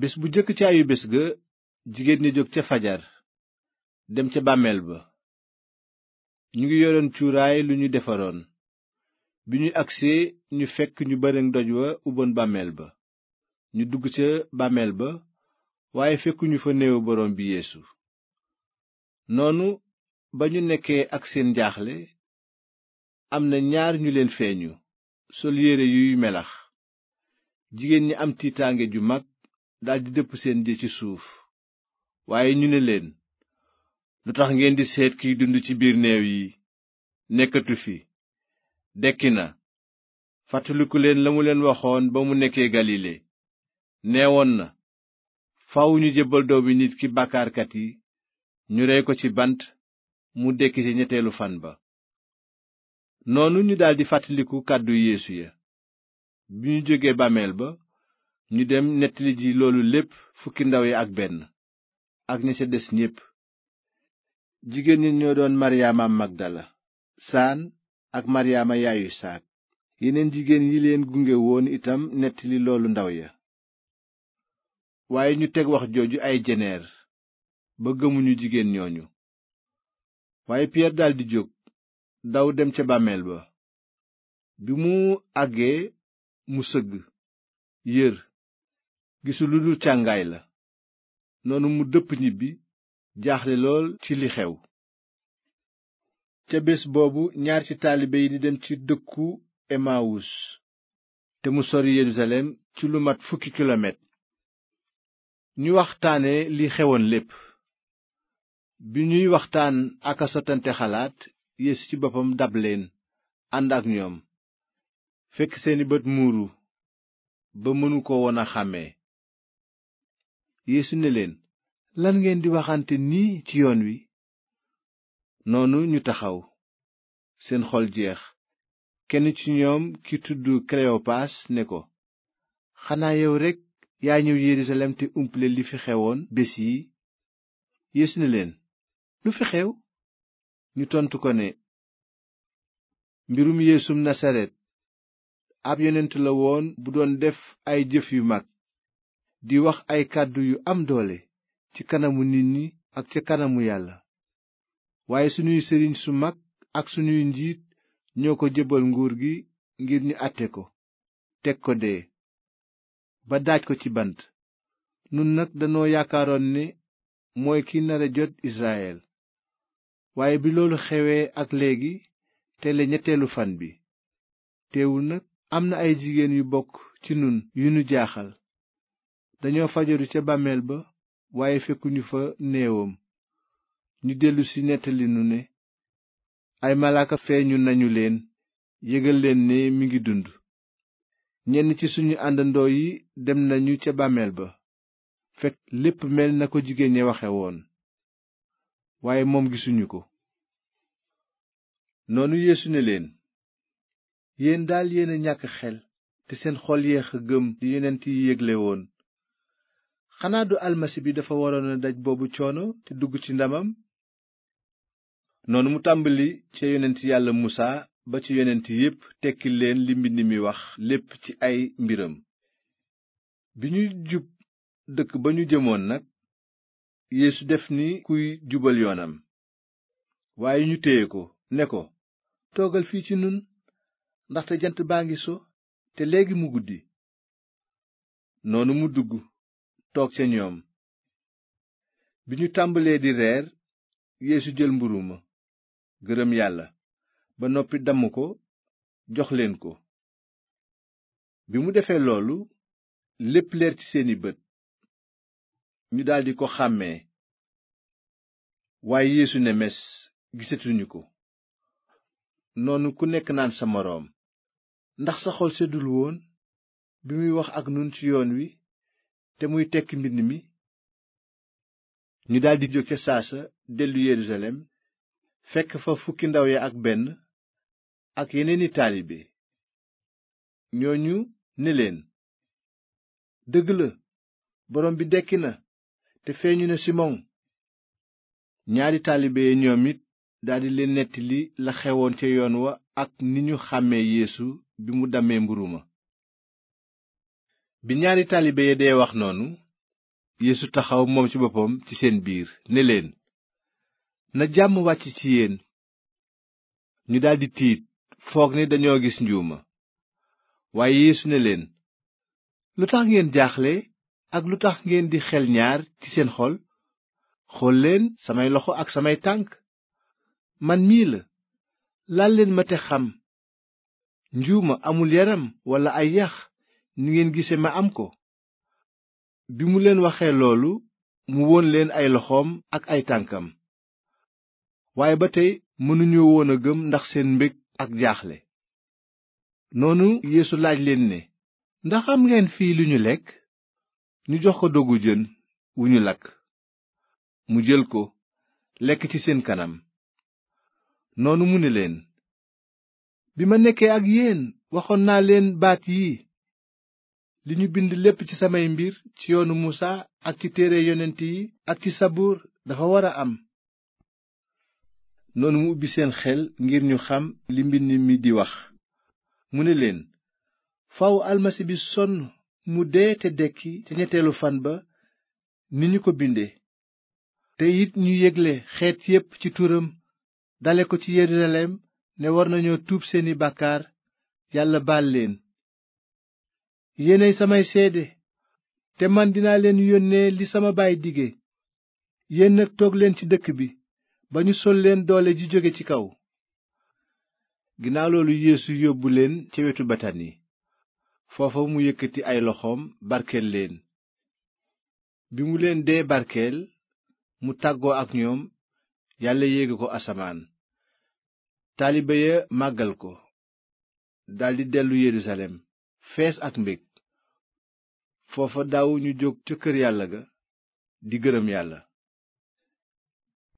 bés bu jëkk ci ayu bés ga jigéen ña jóg ca fajar dem ca bàmmeel ba ñu ngi yoroon cuuraay lu ñu defaroon bi ñu agsee ñu fekk ñu bareŋ doj wa uboon bàmmeel ba ñu dugg ca bàmmeel ba waaye fekkuñu fa néewu boroom bi yeesu noonu ba ñu nekkee ak seen jaaxle am na ñaar ñu leen feeñu sol yére yuy melax jigéen ñi am tiitaange ju mag daldi dëpp seen jë ci suuf waaye ñu ne leen lu tax ngeen di seet kiy dund ci biir néew yi nekkatu fi dekki na fàttaliku leen la mu leen waxoon ba mu nekkee galile neewoon na faaw ñu jébbal doomi nit ki bàkkaarkat yi ñu rey ko ci bant mu dekki ci ñetteelu fan ba noonu ñu daldi fàttaliku kàddu yeesu ya bàmmeel ba ñu dem nettali ji loolu lépp fukki ndaw yi ak benn ak ña ca des ñépp jigéen ñi ñoo doon maryaama magdala saan ak maryaama yaayu saak yeneen jigéen yi leen gunge woon itam nettali loolu ndaw ya waaye ñu teg wax jooju ay jeneer ba gëmuñu jigéen ñooñu waaye piyeer daldi jóg daw dem ca bàmmeel ba bi mu àggee mu sëgg yër gisul lu dul càngaay la noonu mu dëpp ñibbi jaaxle lool ci li xew ca bés boobu ñaar ci taalibe yi di dem ci dëkku emawus te mu sori yerusalem ci lu mat fukki kilomètre ñu waxtaane li xewoon lépp bi ñuy waxtaan aka a xalaat yéesu ci boppam dab leen ànd ak ñoom fekk seeni bët muuru ba mënu ko woon xàmmee yéesu ne leen lan ngeen di waxante nii ci yoon wi noonu ñu taxaw seen xol jeex kenn ci ñoom ki tudd kleopaas ne ko xanaa yow rekk yaa ñëw yerusalem te umple li fi xewoon bés yi yéesu ne lu fi xew ñu tontu ko ne mbirum yéesum nasaret ab yonent la woon bu doon def ay jëf yu mag di wax ay kàddu yu am doole ci kanamu nit ñi ak ca kanamu yàlla waaye sunuy sëriñ su mag ak sunuy njiit ñoo ko jëbal nguur gi ngir ñu àtte ko teg ko dee ba daaj ko ci bant nun nag danoo yaakaaroon ne mooy ki nare jot Israyel waaye bi loolu xewee ak léegi tele ñetteelu fan bi teewul nag am na ay jigéen yu bokk ci nun yu nu jaaxal dañoo fajaru ca bàmmeel ba waaye fekkuñu fa néewam ñu dellusi nettalinu ne ay malaaka feeñu nañu leen yëgal leen ne mi ngi dund ñenn ci suñu àndandoo yi dem nañu ca bàmmeel ba fekk lépp mel na ko jigéen ñi waxe woon waaye moom gisuñu ko noonu yeesu ne leen yéen daal yéen ñàkk xel te seen xool yeex a gëm li yonent yi yégle woon xanaa du almasi bi dafa waroon a daj boobu coono te dugg ci ndamam noonu mu tàmbali ca yonent yàlla musaa ba ci yonent yépp tekki leen li mbind mi wax lépp ci ay mbiram bi ñuy jub dëkk ba ñu jëmoon nag yéesu def ni kuy jubal yoonam waaye ñu téye ko ne ko toogal fii ci nun ndaxte jant baa ngi so te léegi mu guddi noonu mu dugg toog ca ñoom bi ñu tàmbalee di reer yéesu jël mburu ma gërëm yàlla ba noppi damm ko jox leen ko bi mu defee loolu lépp leer ci seeni bët ñu daldi ko xàmmee waaye yeesu ne mes gisatuñu ko noonu ku nekk naan sa moroom ndax sa xol seddul woon bi muy wax ak nun ci yoon wi te muy tekki mbind mi ñu daldi jóg ca saasa dellu yerusalem fekk fa fukki ndaw ya ak benn ak yeneeni taalibe ñooñu ne leen dëgg la borom bi dekki na te feeñu na simon ñaari taalibe ya ñoom it daldi leen nettali la xewoon ca yoon wa ak ni ñu xàmmee yeesu bi mu dammee mburu ma bi ñaari taalibe ya dee wax noonu yéesu taxaw moom ci boppam ci seen biir ne leen na jàmm wàcc ci yéen ñu daldi tiit foog ni dañoo gis njuuma waaye yéesu ne leen lu tax ngeen jaaxle ak lu tax ngeen di xel ñaar ci seen xol xool leen samay loxo ak samay tànk man mii la laal leen ma te xam njuuma amul yaram walla ay yax ni ngeen gisee ma am ko bi mu leen waxee loolu mu won leen ay loxoom ak ay tànkam waaye ba tey mënuñu woon a gëm ndax seen mbég ak jaaxle noonu yéesu laaj leen ne ndaxam ngeen fii lu ñu lekk ñu jox ko dogu jën wu ñu lakk mu jël ko lekk ci seen kanam noonu mu ne leen bi ma nekkee ak yéen waxoon naa leen baat yi li ñu bind lépp ci samay mbir ci yoonu musa ak ci téere yonent yi ak ci sabuur dafa war a am noonu mu ubbi seen xel ngir ñu xam li mbind mi di wax mu ne leen faaw almasi bi sonn mu dee te dekki ca ñetteelu fan ba ni ñu ko binde te it ñu yégle xeet yépp ci turam dale ko ci yerusalem ne war nañoo tuub seeni bàkkaar yàlla baal leen yéenay samay seede te man dinaa leen yónnee li sama baay dige yénn nag toog leen ci dëkk bi ba ñu sol leen doole ji jóge ci kaw ginnaaw loolu yeesu yóbbu leen ca wetu betani foofa mu yëkkati ay loxoom barkeel leen bi mu leen dee barkeel mu tàggoo ak ñoom yàlla yéege ko asamaan taalibe ya màggal ko daldi dellu yerusalem fees ak mbég foofa daawuñu jóg ca kër yàlla ga di gërëm yàlla